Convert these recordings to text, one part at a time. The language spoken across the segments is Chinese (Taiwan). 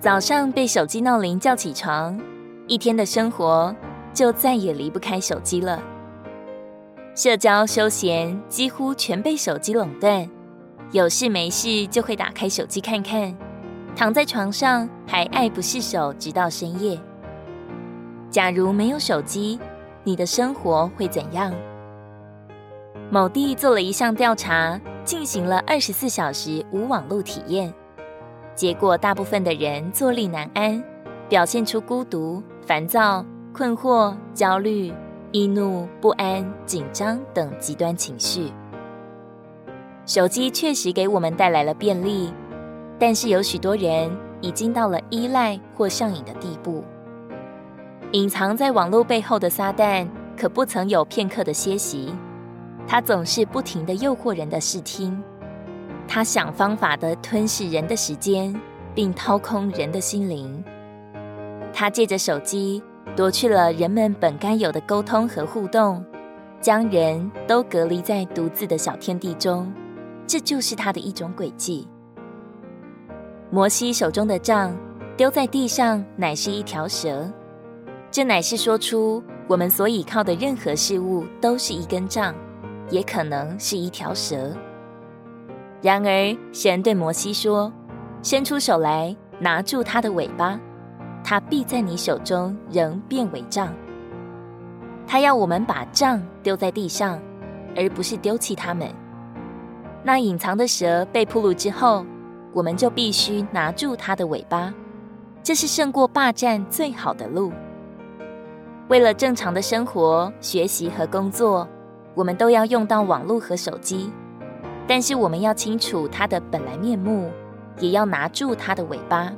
早上被手機鬧鈴叫起床，一天的生活就再也離不開手機了。社交休閒幾乎全被手機壟斷，有事沒事就會打開手機看看，躺在床上還愛不釋手，直到深夜。假如沒有手機，你的生活會怎樣？某地做了一項調查，進行了二十四小時無網絡體驗。結果，大部分的人坐立難安，表現出孤獨、煩躁、困惑、焦慮、易怒、不安、緊張等極端情緒。手機確實給我們帶來了便利，但是有許多人已經到了依賴或上癮的地步。隱藏在網絡背後的撒旦，可不曾有片刻的歇息，他總是不停的誘惑人的視聽。他想方法地吞噬人的時間，並掏空人的心靈。他借着手機奪去了人們本該有的溝通和互動，將人都隔離在獨自的小天地中。這就是他的一種詭計。摩西手中的杖丟在地上，乃是一條蛇。這乃是說出我們所倚靠的任何事物，都是一根杖，也可能是一條蛇。然而，神對摩西說：“伸出手來，拿住他的尾巴，他必在你手中仍變為杖。”他要我們把杖丟在地上，而不是丟棄他們。那隱藏的蛇被暴露之後，我們就必須拿住它的尾巴，這是勝過霸佔最好的路。為了正常的生活、學習和工作，我們都要用到網絡和手機。但是我們要清楚它的本來面目，也要拿住它的尾巴，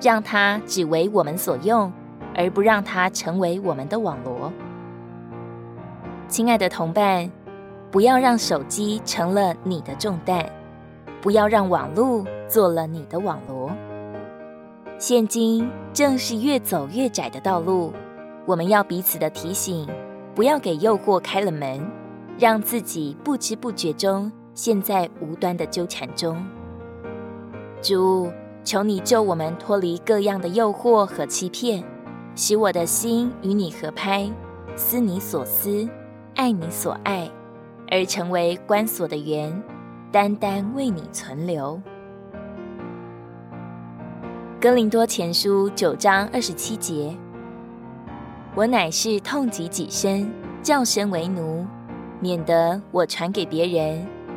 讓它只為我們所用，而不讓它成為我們的網羅。親愛的同伴，不要讓手機成了你的重擔，不要讓網絡做了你的網羅。現今正是越走越窄的道路，我們要彼此的提醒，不要給誘惑開了門，讓自己不知不覺中。現在無端的糾纏中，主求你救我們脫離各樣的誘惑和欺騙，使我的心與你合拍，思你所思，愛你所愛，而成為關鎖的園，單單為你存留。哥林多前書九章二十七節：我乃是痛擊己身，叫身為奴，免得我傳給別人。